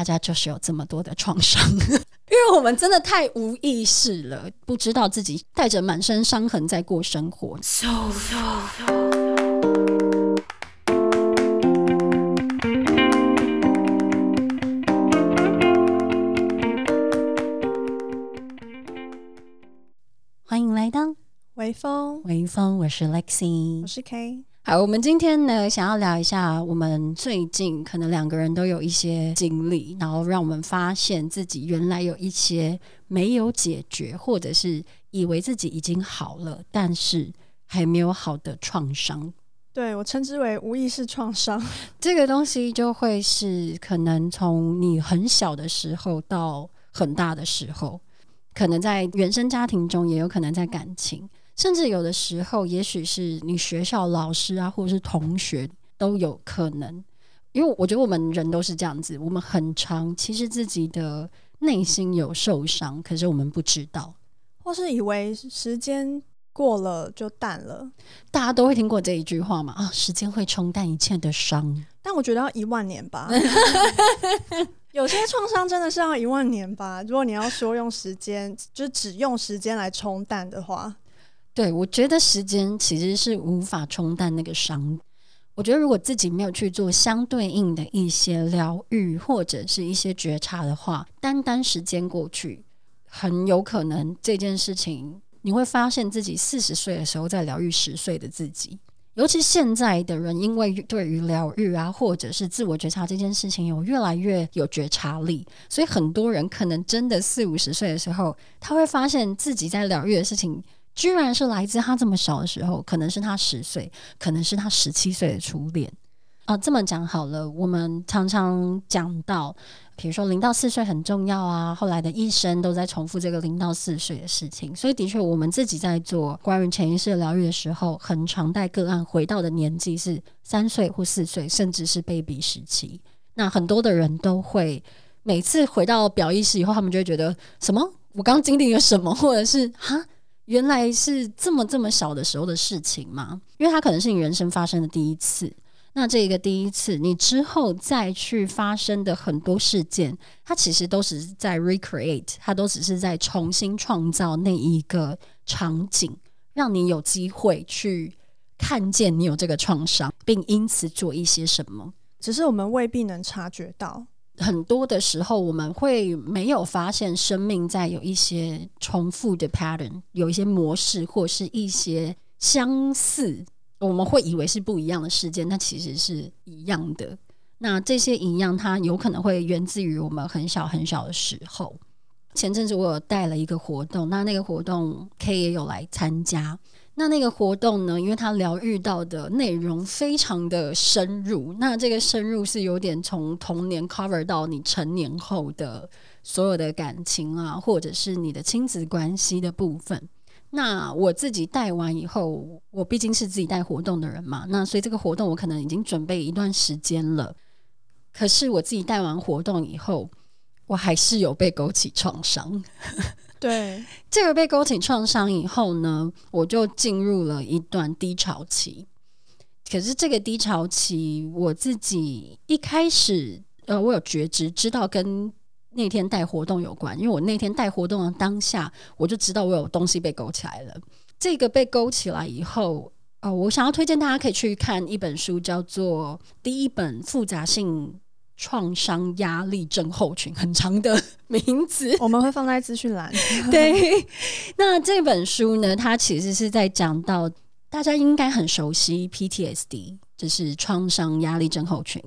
大家就是有這麼多的創傷，因為我們真的太無意識了，不知道自己帶着滿身傷痕在過生活。So, so, so, so. 歡迎來到微風，微風，我是 Lexi，我是 K。好，我們今天呢，想要聊一下我們最近可能兩個人都有一些經歷，然後讓我們發現自己原來有一些沒有解決，或者是以為自己已經好了，但是還沒有好的創傷。對，我稱之為無意識創傷， 這個東西就會是可能從你很小的時候到很大的時候，可能在原生家庭中，也有可能在感情。甚至有的時候，也許是你學校老師啊，或者是同學都有可能，因為我覺得我們人都是這樣子，我們很常，其實自己的內心有受傷，可是我們不知道，或是以為時間過了就淡了。大家都會聽過這一句話嘛。啊，時間會沖淡一切的傷。但我覺得要一萬年吧。 有些創傷真的是要一萬年吧？如果你要說用時間， 就只用時間來沖淡的話。對，我覺得時間其實是無法沖淡那個傷。我覺得如果自己沒有去做相對應的一些療癒或者是一些覺察的話，單單時間過去，很有可能這件事情你會發現自己四十歲的時候在療癒十歲的自己。尤其現在的人，因為對於療癒啊，或者是自我覺察這件事情有越來越有覺察力，所以很多人可能真的四五十歲的時候，他會發現自己在療癒的事情，居然是來自他這麼小的時候，可能是他十歲，可能是他十七歲的初戀啊、呃。這麼講好了，我們常常講到，比如說零到四歲很重要啊，後來的一生都在重複這個零到四歲的事情。所以，的確，我們自己在做關於潛意識療癒的時候，很常帶個案回到的年紀是三歲或四歲，甚至是 baby 時期。那很多的人都會每次回到表意識以後，他們就會覺得什麼？我剛經歷了什麼？或者是哈？原來是這麼這麼小的時候的事情嗎？因為它可能是你人生發生的第一次。那這個第一次，你之後再去發生的很多事件，它其實都是在 recreate，它都只是在重新創造那一個場景，讓你有機會去看見你有這個創傷，並因此做一些什麼。只是我們未必能察覺到。很多的時候，我們會沒有發現生命在有一些重複的 pattern，有一些模式或是一些相似，我們會以為是不一樣的事件，那其實是一樣的。那這些一樣，它有可能會源自於我們很小很小的時候。前陣子我有帶了一個活動，那那個活動 K 也有來參加。那那個活動呢，因為他療癒到的內容非常的深入，那這個深入是有點從童年 cover 到你成年後的所有的感情啊，或者是你的親子關係的部分。那我自己帶完以後，我畢竟是自己帶活動的人嘛，那所以這個活動我可能已經準備一段時間了。可是我自己帶完活動以後，我還是有被勾起創傷。 對，這個被勾起創傷以後呢，我就進入了一段低潮期。可是這個低潮期，我自己一開始呃，我有覺知，知道跟那天帶活動有關，因為我那天帶活動的當下，我就知道我有東西被勾起來了。這個被勾起來以後，呃，我想要推薦大家可以去看一本書，叫做《第一本複雜性》。創傷壓力症候群，很長的名字，我們會放在資訊欄。 對，那這本書呢，它其實是在講到大家應該很熟悉 PTSD，就是創傷壓力症候群。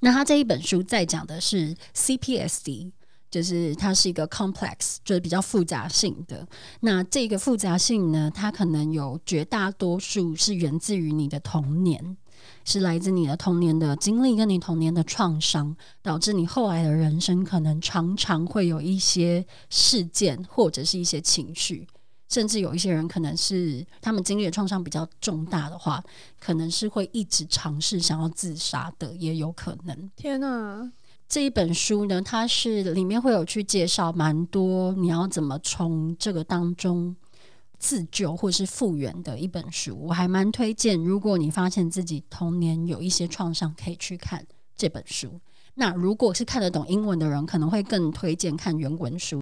那它這一本書在講的是 CPSD，就是它是一個 complex，就是比較複雜性的。那這個複雜性呢，它可能有絕大多數是源自於你的童年。是來自你的童年的經歷，跟你童年的創傷，導致你後來的人生可能常常會有一些事件，或者是一些情緒，甚至有一些人可能是他們經歷的創傷比較重大的話，可能是會一直嘗試想要自殺的，也有可能。天啊！這一本書呢，它是裡面會有去介紹蠻多你要怎麼從這個當中。自救或是復原的一本書，我還蠻推薦。如果你發現自己童年有一些創傷，可以去看這本書。那如果是看得懂英文的人，可能會更推薦看原文書。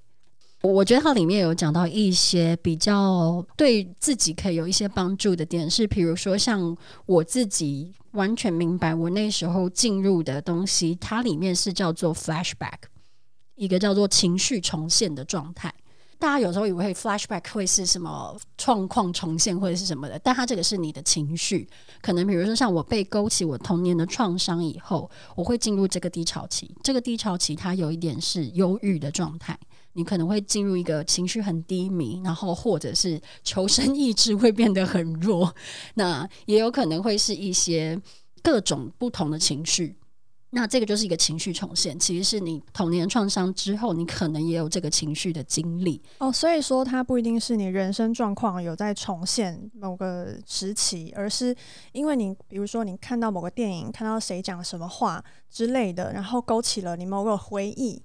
我，我覺得它裡面有講到一些比較對自己可以有一些幫助的點，是比如說，像我自己完全明白，我那時候進入的東西，它裡面是叫做 flashback，一個叫做情緒重現的狀態。大家有時候以為 flashback 會是什麼創傷重現或者是什麼的，但它這個是你的情緒，可能比如說像我被勾起我童年的創傷以後，我會進入這個低潮期。這個低潮期它有一點是憂鬱的狀態，你可能會進入一個情緒很低迷，然後或者是求生意志會變得很弱，那也有可能會是一些各種不同的情緒。那這個就是一個情緒重現，其實是你童年創傷之後，你可能也有這個情緒的經歷哦。所以說，它不一定是你人生狀況有在重現某個時期，而是因為你比如說你看到某個電影，看到誰講什麼話之類的，然後勾起了你某個回憶，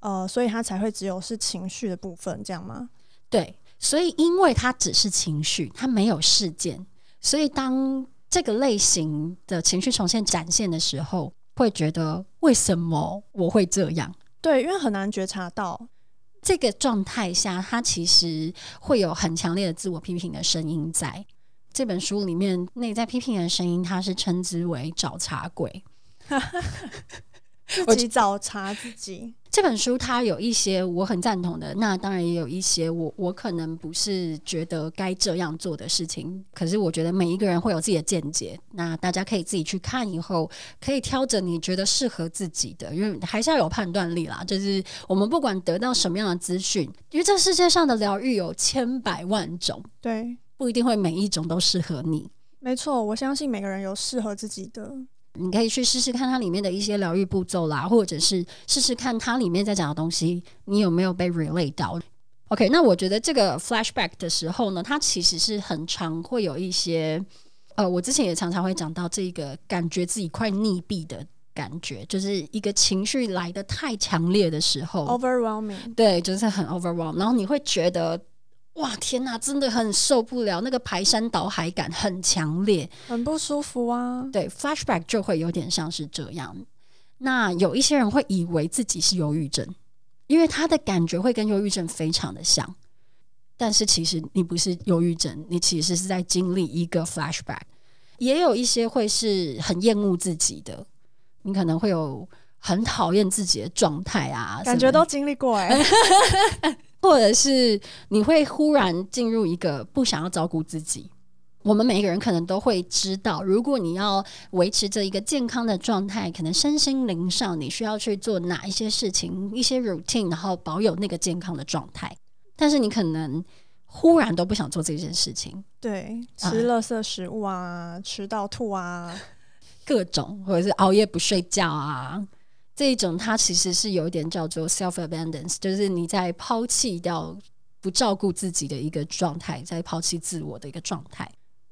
呃，所以它才會只有是情緒的部分，這樣嗎？對，所以因為它只是情緒，它沒有事件，所以當這個類型的情緒重現展現的時候。會覺得為什麼我會這樣？對，因為很難覺察到這個狀態下，他其實會有很強烈的自我批評的聲音在。在這本書裡面，內在批評的聲音，它是稱之為找茬鬼， 自己找茬自己。我 這本書它有一些我很贊同的，那當然也有一些我我可能不是覺得該這樣做的事情。可是我覺得每一個人會有自己的見解，那大家可以自己去看，以後可以挑着你覺得適合自己的，因為還是要有判斷力啦。就是我們不管得到什麼樣的資訊，因為這世界上的療癒有千百萬種，對，不一定會每一種都適合你。沒錯，我相信每個人有適合自己的。你可以去試試看它裡面的一些療癒步驟啦，或者是試試看它裡面在講的東西，你有沒有被 relay 到？OK，那我覺得這個 flashback 的時候呢，它其實是很常會有一些，呃，我之前也常常會講到這個感覺自己快溺斃的感覺，就是一個情緒來得太強烈的時候，overwhelming，對，就是很 overwhelming，然後你會覺得。哇天哪，真的很受不了，那個排山倒海感很強烈，很不舒服啊。對，flashback 就會有點像是這樣。那有一些人會以為自己是憂鬱症，因為他的感覺會跟憂鬱症非常的像。但是其實你不是憂鬱症，你其實是在經歷一個 flashback。也有一些會是很厭惡自己的，你可能會有很討厭自己的狀態啊，感覺都經歷過哎。 或者是你會忽然進入一個不想要照顧自己。我們每一個人可能都會知道，如果你要維持這一個健康的狀態，可能身心靈上你需要去做哪一些事情、一些 routine，然後保有那個健康的狀態。但是你可能忽然都不想做這件事情。對，吃垃圾食物啊，啊吃到吐啊，各種，或者是熬夜不睡覺啊。這一種，它其實是有一點叫做 self-abandon，就是你在拋棄掉不照顧自己的一個狀態，在拋棄自我的一個狀態。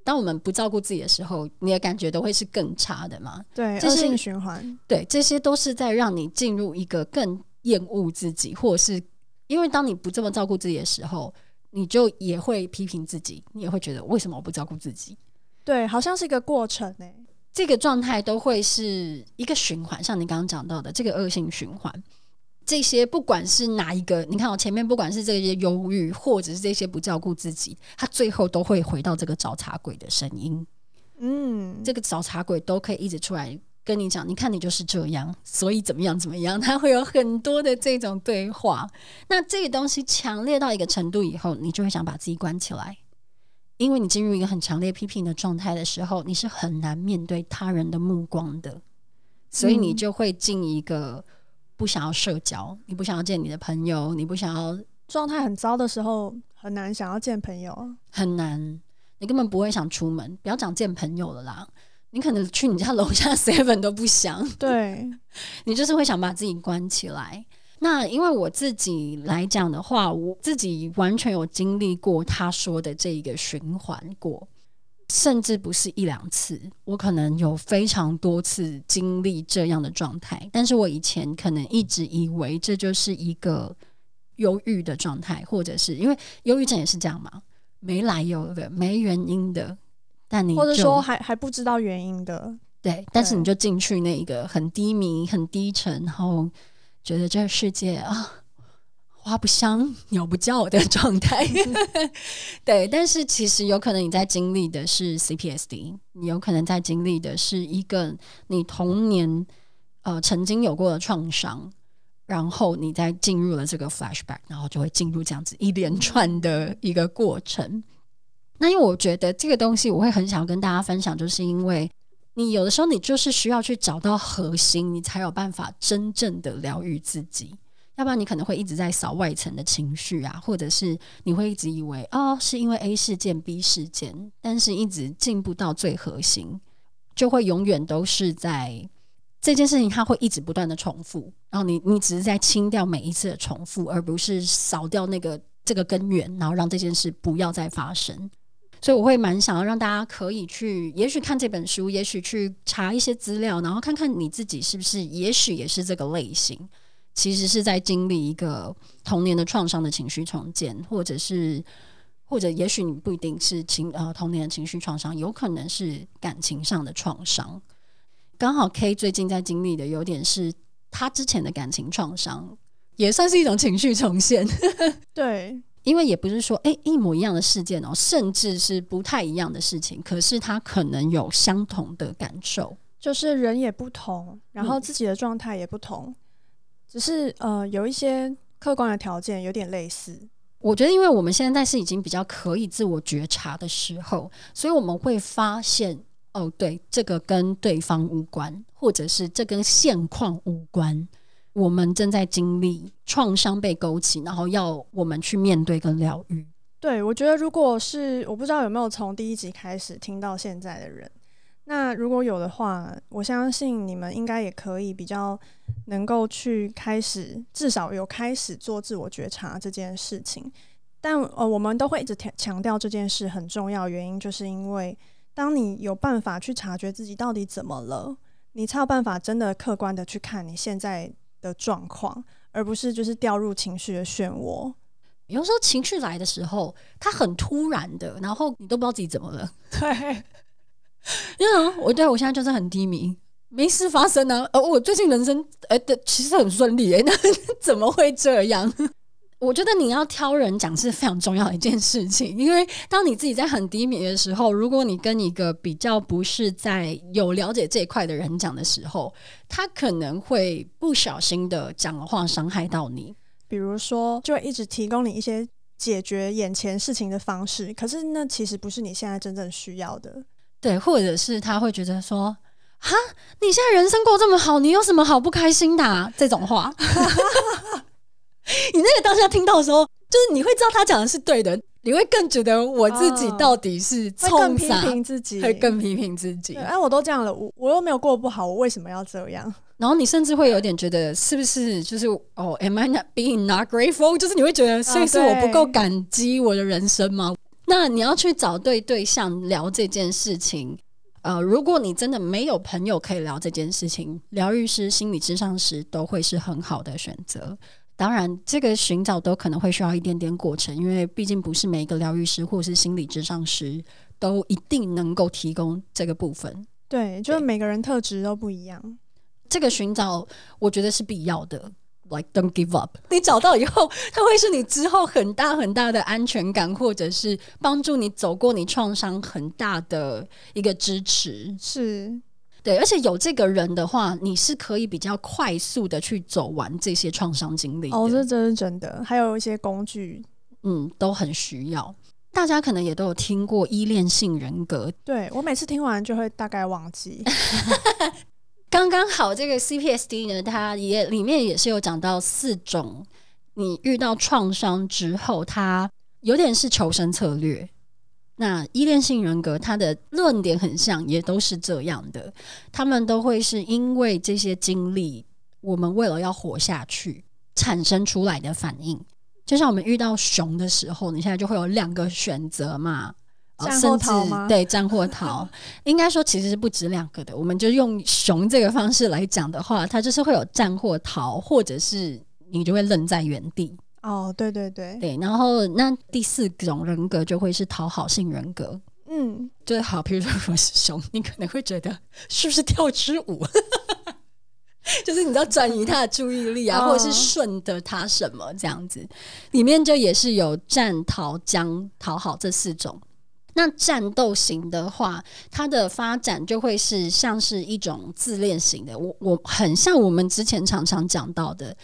當我們不照顧自己的時候，你的感覺都會是更差的嘛？對，惡性循環。對，這些都是在讓你進入一個更厭惡自己，或是因為當你不這麼照顧自己的時候，你就也會批評自己，你也會覺得為什麼我不照顧自己？對，好像是一個過程欸。這個狀態都會是一個循環，像你剛剛講到的這個惡性循環，這些不管是哪一個，你看我前面不管是這些憂鬱，或者是這些不照顧自己，他最後都會回到這個找茬鬼的聲音。嗯，這個找茬鬼都可以一直出來跟你講，你看你就是這樣，所以怎麼樣怎麼樣，他會有很多的這種對話。那這個東西強烈到一個程度以後，你就會想把自己關起來。因為你進入一個很強烈批評的狀態的時候，你是很難面對他人的目光的，嗯，所以你就會進一個不想要社交，你不想要見你的朋友，你不想要狀態很糟的時候很難想要見朋友，很難，你根本不會想出門，不要講見朋友了啦，你可能去你家樓下 seven 都不想，對 你就是會想把自己關起來。那因為我自己來講的話，我自己完全有經歷過他說的這個循環過，甚至不是一兩次，我可能有非常多次經歷這樣的狀態。但是我以前可能一直以為這就是一個憂鬱的狀態，或者是因為憂鬱症也是這樣嘛，沒來由的、沒原因的，但你或者說還還不知道原因的，對，對但是你就進去那一個很低迷、很低沉，然後。覺得這個世界啊，花不香，鳥不叫的狀態， 對。但是其實有可能你在經歷的是 CPTSD，你有可能在經歷的是一個你童年呃曾經有過的創傷，然後你在進入了這個 flashback，然後就會進入這樣子一連串的一個過程。那因為我覺得這個東西，我會很想跟大家分享，就是因為。你有的時候，你就是需要去找到核心，你才有辦法真正的療癒自己。要不然，你可能會一直在掃外層的情緒啊，或者是你會一直以為哦，是因為 A 事件、B 事件，但是一直進不到最核心，就會永遠都是在這件事情，它會一直不斷的重複。然後你，你只是在清掉每一次的重複，而不是掃掉那個這個根源，然後讓這件事不要再發生。所以我會蠻想要讓大家可以去，也許看這本書，也許去查一些資料，然後看看你自己是不是，也許也是這個類型。其實是在經歷一個童年的創傷的情緒重建，或者是，或者也許你不一定是情呃童年的情緒創傷，有可能是感情上的創傷。剛好 K 最近在經歷的有點是他之前的感情創傷，也算是一種情緒重現。 對。因為也不是說，誒，一模一樣的事件哦，甚至是不太一樣的事情，可是他可能有相同的感受，就是人也不同，然後自己的狀態也不同，嗯，只是呃，有一些客觀的條件有點類似。我覺得，因為我們現在是已經比較可以自我覺察的時候，所以我們會發現，哦，對，這個跟對方無關，或者是這跟現況無關。我們正在經歷創傷被勾起，然後要我們去面對跟療癒。對，我覺得如果是我不知道有沒有從第一集開始聽到現在的人，那如果有的話，我相信你們應該也可以比較能夠去開始，至少有開始做自我覺察這件事情。但呃，我們都會一直強調這件事很重要，原因就是因為當你有辦法去察覺自己到底怎麼了，你才有辦法真的客觀的去看你現在的狀況，而不是就是掉入情緒的漩渦。有時候情緒來的時候，它很突然的，然後你都不知道自己怎麼了。對，因為、啊、我對我現在就是很低迷，沒事發生啊。呃、哦，我最近人生哎，其實很順利哎、欸，那怎麼會這樣？我覺得你要挑人講是非常重要的一件事情，因為當你自己在很低迷的時候，如果你跟一個比較不是在有了解這一塊的人講的時候，他可能會不小心的講話傷害到你。比如說，就一直提供你一些解決眼前事情的方式，可是那其實不是你現在真正需要的。對，或者是他會覺得說：“哈，你現在人生過這麼好，你有什麼好不開心的啊？”這種話。 你那個當下聽到的時候，就是你會知道他講的是對的，你會更覺得我自己到底是會更批評自己，會更批評自己。哎、啊，我都這樣了，我我又沒有過不好，我為什麼要這樣？然後你甚至會有點覺得，是不是就是哦、oh,？Am I not being not grateful？就是你會覺得，是不是我不夠感激我的人生嗎？哦、那你要去找對對象聊這件事情。呃，如果你真的沒有朋友可以聊這件事情，療癒師、心理諮商師都會是很好的選擇。當然，這個尋找都可能會需要一點點過程，因為畢竟不是每一個療癒師或是心理治療師都一定能夠提供這個部分。對，對就是每個人特質都不一樣。這個尋找我覺得是必要的，mm hmm.，like don't give up。你找到以後，它會是你之後很大很大的安全感，或者是幫助你走過你創傷很大的一個支持。是。對，而且有這個人的話，你是可以比較快速的去走完這些創傷經歷。哦，這真是真的，還有一些工具，嗯，都很需要。大家可能也都有聽過依戀性人格，對，我每次聽完就會大概忘記。剛剛 好，這個 CPSD 呢，它也裡面也是有講到四種，你遇到創傷之後，它有點是求生策略。那依戀性人格，他的論點很像，也都是這樣的。他們都會是因為這些經歷，我們為了要活下去產生出來的反應。就像我們遇到熊的時候，你現在就會有兩個選擇嘛，戰或逃嗎？哦，對，戰或逃。 應該說其實是不止兩個的。我們就用熊這個方式來講的話，它就是會有戰或逃，或者是你就會愣在原地。哦，oh, 對對對，對，然後那第四種人格，就會是討好型人格，嗯，就好，比如說我是熊，你可能會覺得是不是跳支舞， 就是你要轉移他的注意力啊， oh. 或者是順着他什麼這樣子，裡面就也是有戰、逃、僵、討好這四種。那戰鬥型的話，它的發展就會是像是一種自戀型的，我我很像我們之前常常講到的。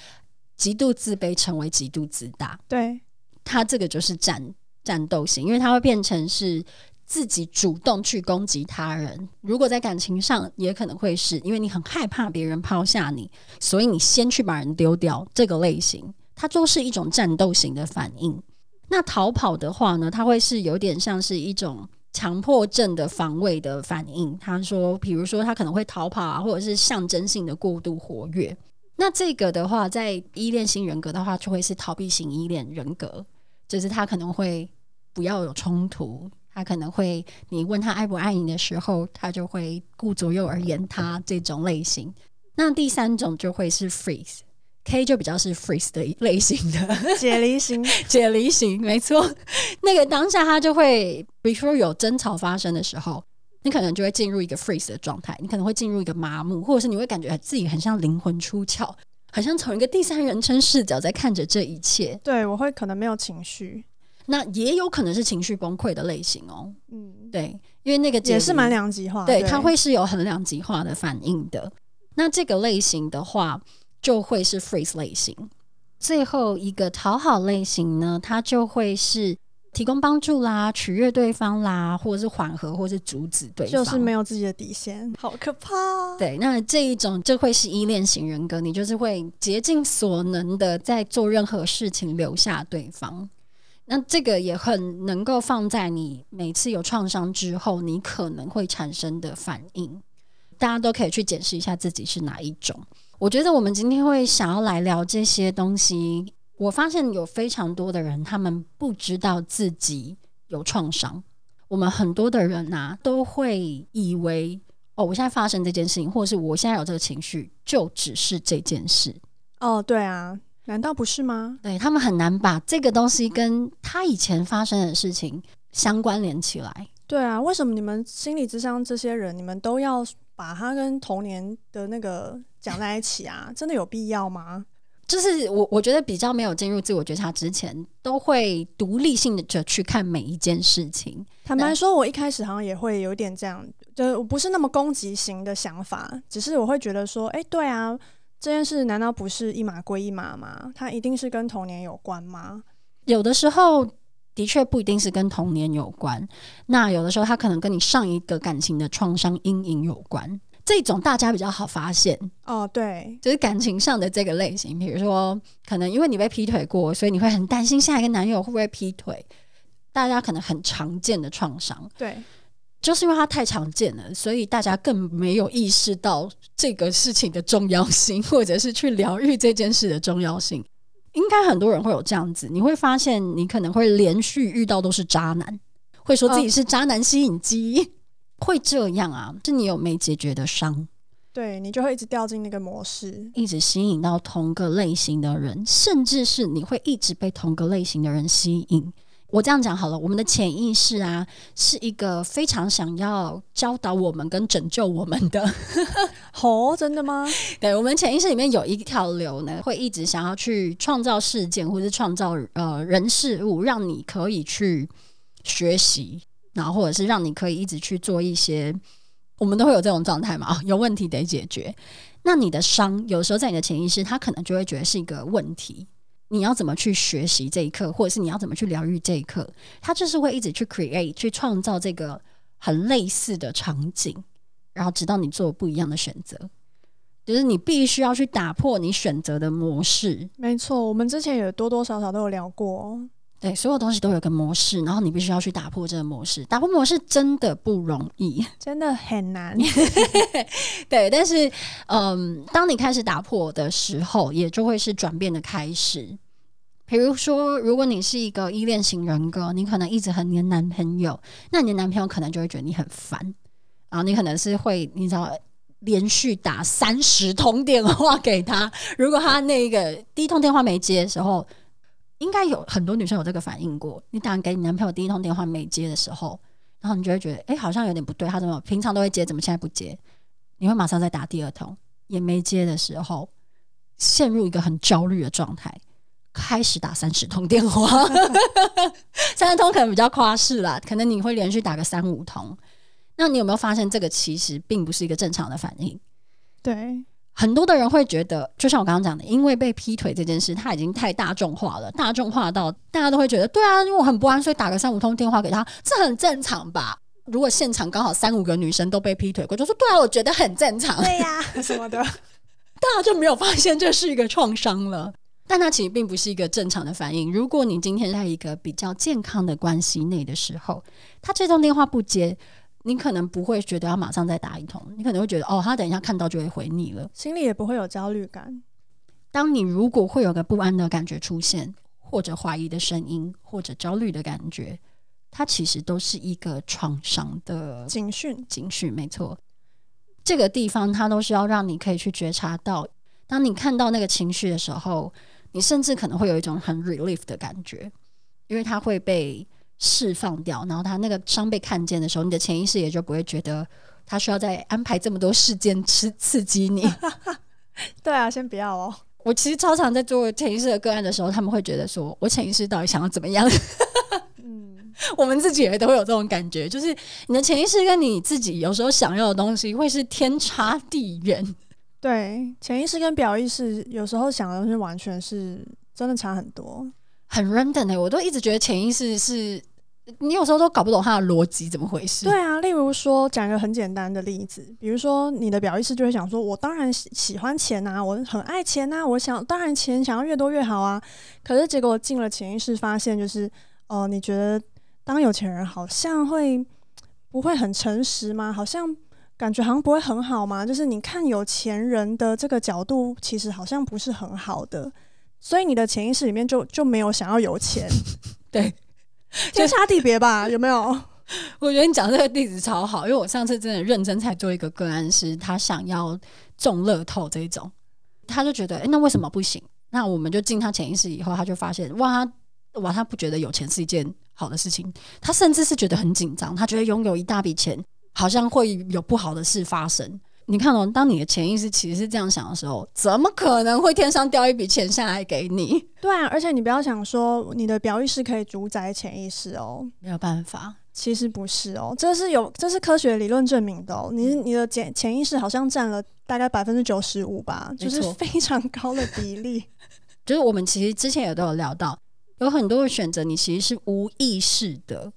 極度自卑成為極度自大，對他這個就是戰、戰鬥型，因為他會變成是自己主動去攻擊他人。如果在感情上也可能會是因為你很害怕別人拋下你，所以你先去把人丟掉。這個類型，它都是一種戰鬥型的反應。那逃跑的話呢，他會是有點像是一種強迫症的防衛的反應。他說，比如說他可能會逃跑啊，或者是象徵性的過度活躍。那這個的話，在依戀型人格的話，就會是逃避型依戀人格，就是他可能會不要有衝突，他可能會你問他愛不愛你的時候，他就會顧左右而言他這種類型。那第三種就會是 freeze，K 就比較是 freeze 的類型的解離型， 解離型沒錯。 那個當下他就會，比如說有爭吵發生的時候。你可能就會進入一個 freeze 的狀態，你可能會進入一個麻木，或者是你會感覺自己很像靈魂出竅，好像從一個第三人稱視角在看着這一切。對，我會可能沒有情緒，那也有可能是情緒崩潰的類型哦，喔。嗯，對，因為那個也是蠻兩極化，對，對，它會是有很兩極化的反應的。那這個類型的話，就會是 freeze 類型。最後一個討好類型呢，它就會是。提供幫助啦，取悅對方啦，或者是緩和，或是阻止對方，就是沒有自己的底線，好可怕啊。對，那這一種就會是依戀型人格，你就是會竭盡所能的在做任何事情留下對方。那這個也很能夠放在你每次有創傷之後，你可能會產生的反應。大家都可以去檢視一下自己是哪一種。我覺得我們今天會想要來聊這些東西。我發現有非常多的人，他們不知道自己有創傷。我們很多的人吶、啊，都會以為哦，我現在發生這件事情，或是我現在有這個情緒，就只是這件事。哦，對啊，難道不是嗎？對他們很難把這個東西跟他以前發生的事情相關聯起來。對啊，為什麼你們心理諮商這些人，你們都要把他跟童年的那個講在一起啊？ 真的有必要嗎？就是我，我覺得比較沒有進入自我覺察之前，都會獨立性的去看每一件事情。坦白說，那我一開始好像也會有點這樣，就我不是那麼攻擊型的想法，只是我會覺得說，哎，欸，對啊，這件事難道不是一碼歸一碼嗎？它一定是跟童年有關嗎？有的時候的確不一定是跟童年有關，那有的時候它可能跟你上一個感情的創傷陰影有關。這種大家比較好發現哦，對，就是感情上的這個類型，比如說可能因為你被劈腿過，所以你會很擔心下一個男友會不會劈腿，大家可能很常見的創傷，對，就是因為它太常見了，所以大家更沒有意識到這個事情的重要性，或者是去療癒這件事的重要性。應該很多人會有這樣子，你會發現你可能會連續遇到都是渣男，會說自己是渣男吸引機。哦 會這樣啊？是你有沒解決的傷，對你就會一直掉進那個模式，一直吸引到同個類型的人，甚至是你會一直被同個類型的人吸引。我這樣講好了，我們的潛意識啊，是一個非常想要教導我們跟拯救我們的。吼 ，oh, 真的嗎？對，我們潛意識裡面有一條流呢，會一直想要去創造事件或者創造呃人事物，讓你可以去學習。然後，或者是讓你可以一直去做一些，我們都會有這種狀態嘛？有問題得解決。那你的傷，有時候在你的潛意識，他可能就會覺得是一個問題。你要怎麼去學習這一課，或者是你要怎麼去療癒這一課？他就是會一直去 create，去創造這個很類似的場景，然後直到你做不一樣的選擇。就是你必須要去打破你選擇的模式。沒錯，我們之前有多多少少都有聊過。哦。對，所有東西都有個模式，然後你必須要去打破這個模式。打破模式真的不容易，真的很難。 對，但是，嗯，當你開始打破的時候，也就會是轉變的開始。比如說，如果你是一個依戀型人格，你可能一直很黏你的男朋友，那你的男朋友可能就會覺得你很煩。然後你可能是會，你知道，連續打三十通電話給他。如果他那個第一通電話沒接的時候。應該有很多女生有這個反應過。你打給你男朋友第一通電話沒接的時候，然後你就會覺得，哎、欸，好像有點不對，他怎麼平常都會接，怎麼現在不接？你會馬上再打第二通，也沒接的時候，陷入一個很焦慮的狀態，開始打三十通電話，三十 通可能比較誇張啦，可能你會連續打個三五通。那你有沒有發現，這個其實並不是一個正常的反應？對。很多的人會覺得，就像我剛剛講的，因為被劈腿這件事，他已經太大眾化了，大眾化到大家都會覺得，對啊，因為我很不安，所以打個三五通電話給他，這很正常吧？如果現場剛好三五個女生都被劈腿過，我就說，對啊，我覺得很正常，對呀、啊，什麼的，大家就沒有發現這是一個創傷了。但那其實並不是一個正常的反應。如果你今天在一個比較健康的關係內的時候，他這通電話不接。你可能不會覺得要馬上再打一通，你可能會覺得哦，他等一下看到就會回你了，心裡也不會有焦慮感。當你如果會有個不安的感覺出現，或者懷疑的聲音，或者焦慮的感覺，它其實都是一個創傷的警訊。警訊，沒錯。這個地方它都是要讓你可以去覺察到，當你看到那個情緒的時候，你甚至可能會有一種很 relief 的感覺，因為它會被釋放掉，然後他那個傷被看見的時候，你的潛意識也就不會覺得他需要再安排這麼多事件刺刺激你。 對啊，先不要哦。我其實超常在做潛意識的個案的時候，他們會覺得說，我潛意識到底想要怎麼樣？ 嗯，我們自己也都會有這種感覺，就是你的潛意識跟你自己有時候想要的東西會是天差地遠。對，潛意識跟表意識有時候想的東西完全是真的差很多。很 random 哎、欸，我都一直覺得潛意識是你有時候都搞不懂他的邏輯怎麼回事。對啊，例如說，講一個很簡單的例子，比如說你的表意識就會想說，我當然喜歡錢吶、啊，我很愛錢吶、啊，我想當然錢想要越多越好啊。可是結果進了潛意識，發現就是，哦、呃，你覺得當有錢人好像會不會很誠實嗎？好像感覺好像不會很好嗎？就是你看有錢人的這個角度，其實好像不是很好的。所以你的潛意識裡面就就沒有想要有錢， 對，天差地別吧，有沒有？ 我覺得你講這個例子超好，因為我上次真的認真才做一個個案師，他想要中樂透這一種，他就覺得哎、欸，那為什麼不行？那我們就進他潛意識以後，他就發現哇他，哇，他不覺得有錢是一件好的事情，他甚至是覺得很緊張，他覺得擁有一大筆錢好像會有不好的事發生。你看哦，當你的潛意識其實是這樣想的時候，怎麼可能會天上掉一筆錢下來給你？對啊，而且你不要想說你的表意識可以主宰潛意識哦，沒有辦法，其實不是哦，這是有，這是科學理論證明的哦。你、嗯、你的潛潛意識好像占了大概百分之九十五吧，就是非常高的比例。沒錯 就是我們其實之前也都有聊到，有很多的選擇，你其實是無意識的。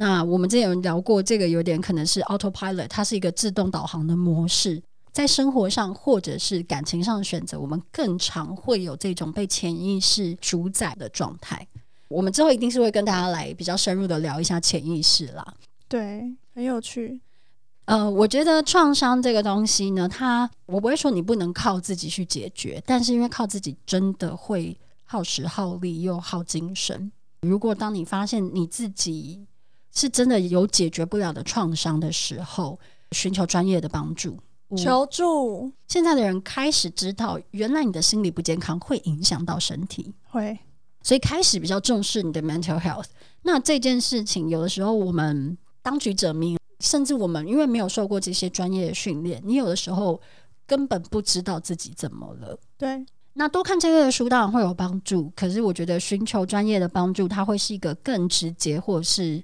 那我們之前有聊過，這個有點可能是 autopilot，它是一個自動導航的模式，在生活上或者是感情上的選擇，我們更常會有這種被潛意識主宰的狀態。我們之後一定是會跟大家來比較深入的聊一下潛意識啦。對，很有趣。呃，我覺得創傷這個東西呢，它我不會說你不能靠自己去解決，但是因為靠自己真的會耗時耗力又耗精神。如果當你發現你自己，是真的有解決不了的創傷的時候，尋求專業的幫助求助。現在的人開始知道，原來你的心理不健康會影響到身體，會，所以開始比較重視你的 mental health。那這件事情，有的時候我們當局者迷，甚至我們因為沒有受過這些專業的訓練，你有的時候根本不知道自己怎麼了。對，那多看這個書當然會有幫助，可是我覺得尋求專業的幫助，它會是一個更直接或是。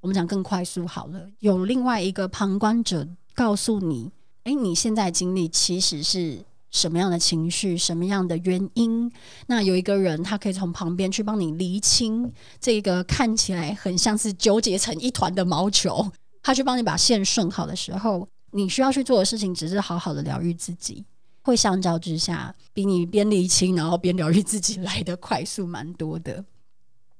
我們講更快速好了，有另外一個旁觀者告訴你，誒，你現在經歷其實是什麼樣的情緒，什麼樣的原因？那有一個人他可以從旁邊去幫你釐清這個看起來很像是糾結成一團的毛球，他去幫你把線順好的時候，你需要去做的事情只是好好的療癒自己，會相較之下比你邊釐清然後邊療癒自己來得快速蠻多的。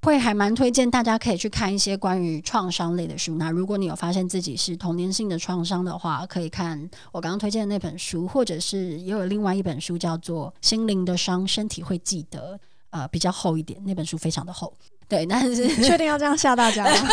會還蠻推薦大家可以去看一些關於創傷類的書。那如果你有發現自己是童年性的創傷的話，可以看我剛剛推薦的那本書，或者是也有另外一本書叫做《心靈的傷，身體會記得》。呃，比較厚一點，那本書非常的厚。對，但是 確定要這樣嚇大家嗎？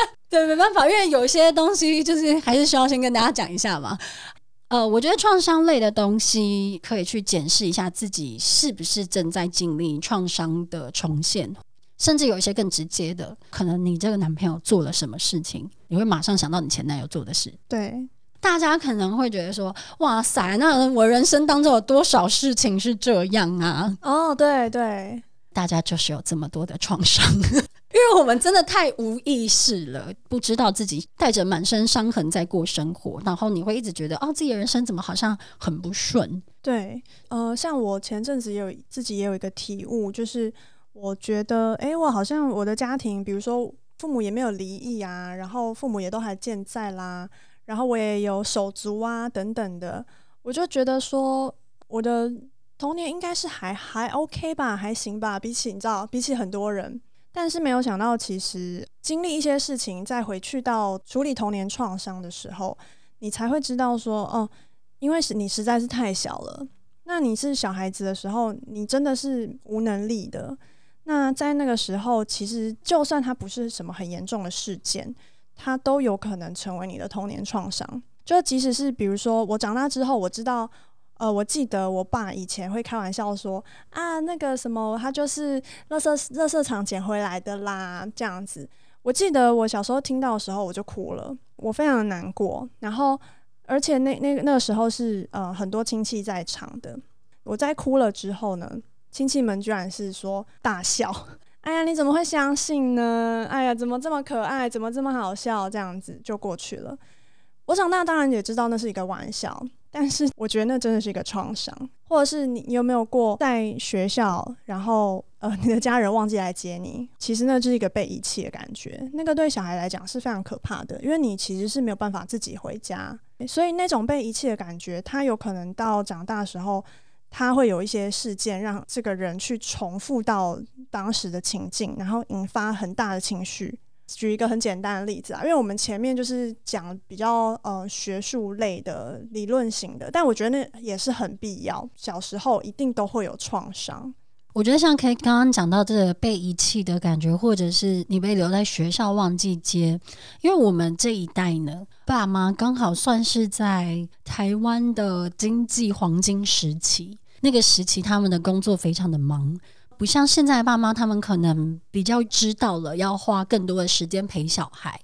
對，沒辦法，因為有些東西就是還是需要先跟大家講一下嘛。 呃，我覺得創傷類的東西可以去檢視一下自己是不是正在經歷創傷的重現。甚至有一些更直接的，可能你這個男朋友做了什麼事情，你會馬上想到你前男友做的事。對，大家可能會覺得說：“哇塞，那我人生當中有多少事情是這樣啊？”哦，oh，對對，大家就是有這麼多的創傷， 因為我們真的太無意識了，不知道自己帶着滿身傷痕在過生活，然後你會一直覺得：“哦，自己的人生怎麼好像很不順？”對，呃，像我前陣子也有，自己也有一個體悟，就是。我覺得，哎、欸，我好像我的家庭，比如說父母也沒有離異啊，然後父母也都還健在啦，然後我也有手足啊等等的，我就覺得說我的童年應該是還還 OK 吧，還行吧，比起你知道，比起很多人，但是沒有想到，其實經歷一些事情，再回去到處理童年創傷的時候，你才會知道說，哦，因為是你實在是太小了，那你是小孩子的時候，你真的是無能力的。那在那個時候，其實就算它不是什麼很嚴重的事件，它都有可能成為你的童年創傷。就即使是比如說，我長大之後，我知道，呃，我記得我爸以前會開玩笑說啊，那個什麼，他就是垃圾垃圾場撿回來的啦，這樣子。我記得我小時候聽到的時候，我就哭了，我非常的難過。然後，而且那那那個時候是呃很多親戚在場的。我在哭了之後呢，親戚們居然是說大笑，哎呀，你怎麼會相信呢？哎呀，怎麼這麼可愛，怎麼這麼好笑？這樣子就過去了。我長大當然也知道那是一個玩笑，但是我覺得那真的是一個創傷。或者是你，你有沒有過在學校，然後呃，你的家人忘記來接你？其實那就是一個被遺棄的感覺。那個對小孩來講是非常可怕的，因為你其實是沒有辦法自己回家，所以那種被遺棄的感覺，他有可能到長大的時候。他會有一些事件讓這個人去重複到當時的情境，然後引發很大的情緒。舉一個很簡單的例子啊，因為我們前面就是講比較呃學術類的理論型的，但我覺得那也是很必要。小時候一定都會有創傷。我覺得像可以剛剛講到這個被遺棄的感覺，或者是你被留在學校忘記接，因為我們這一代呢，爸媽剛好算是在台灣的經濟黃金時期。那個時期，他們的工作非常的忙，不像現在爸媽，他們可能比較知道了要花更多的時間陪小孩，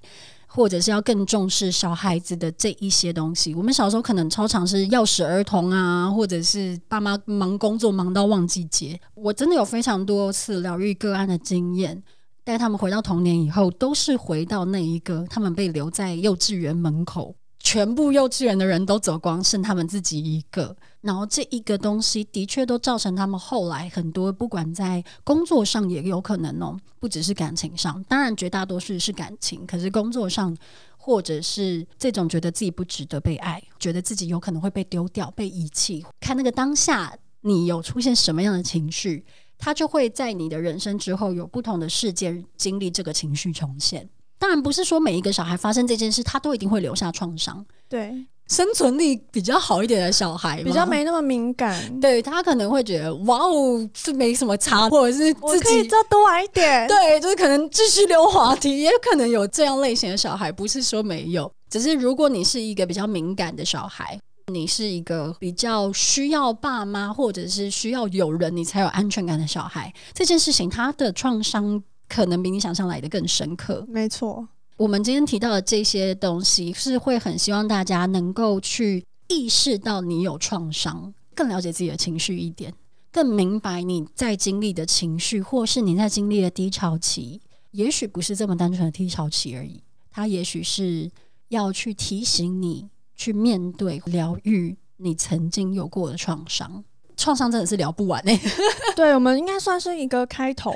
或者是要更重視小孩子的這一些東西。我們小時候可能超常是鑰匙兒童啊，或者是爸媽忙工作忙到忘記接。我真的有非常多次療癒個案的經驗，帶他們回到童年以後，都是回到那一個他們被留在幼稚園門口。全部幼稚園的人都走光，剩他們自己一個。然後這一個東西的確都造成他們後來很多，不管在工作上也有可能哦，不只是感情上，當然絕大多數是感情。可是工作上或者是這種覺得自己不值得被愛，覺得自己有可能會被丟掉、被遺棄，看那個當下你有出現什麼樣的情緒，它就會在你的人生之後有不同的世界經歷這個情緒重現。當然不是說每一個小孩發生這件事，他都一定會留下創傷。對，生存力比較好一點的小孩，比較沒那麼敏感。對，他可能會覺得哇哦，這沒什麼差，或者是自己可以再多玩一點。對，就是可能繼續溜滑梯，也可能有這樣類型的小孩，不是說沒有。只是如果你是一個比較敏感的小孩，你是一個比較需要爸媽或者是需要有人你才有安全感的小孩，這件事情他的創傷。可能比你想象來的更深刻。沒錯，我們今天提到的這些東西，是會很希望大家能夠去意識到你有創傷，更了解自己的情緒一點，更明白你在經歷的情緒，或是你在經歷的低潮期，也許不是這麼單純的低潮期而已，它也許是要去提醒你去面對、療癒你曾經有過的創傷。創傷真的是聊不完誒。 對，我們應該算是一個開頭。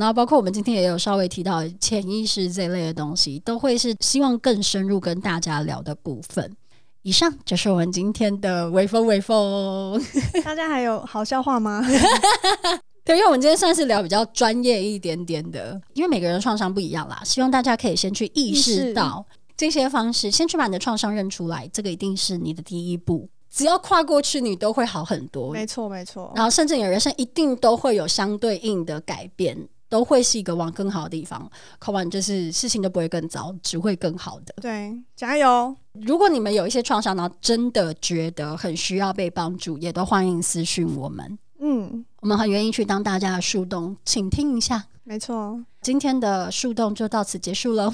然後，包括我們今天也有稍微提到潛意識這類的東西，都會是希望更深入跟大家聊的部分。以上就是我們今天的微風，微風。 大家還有好笑話嗎？ 對，因為我們今天算是聊比較專業一點點的，因為每個人的創傷不一樣啦。希望大家可以先去意識到意識這些方式，先去把你的創傷認出來，這個一定是你的第一步。只要跨過去，你都會好很多。沒錯，沒錯。然後，甚至你的人生一定都會有相對應的改變。都會是一個往更好的地方，可能就是事情都不會更糟，只會更好的。對，加油！如果你們有一些創傷，然後真的覺得很需要被幫助，也都歡迎私訊我們。嗯，我們很願意去當大家的樹洞，請聽一下。沒錯，今天的樹洞就到此結束了。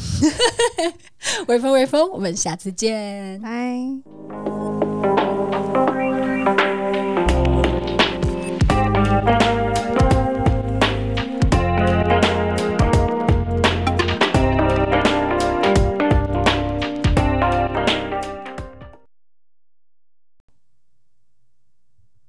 微風，微風，我們下次見，拜。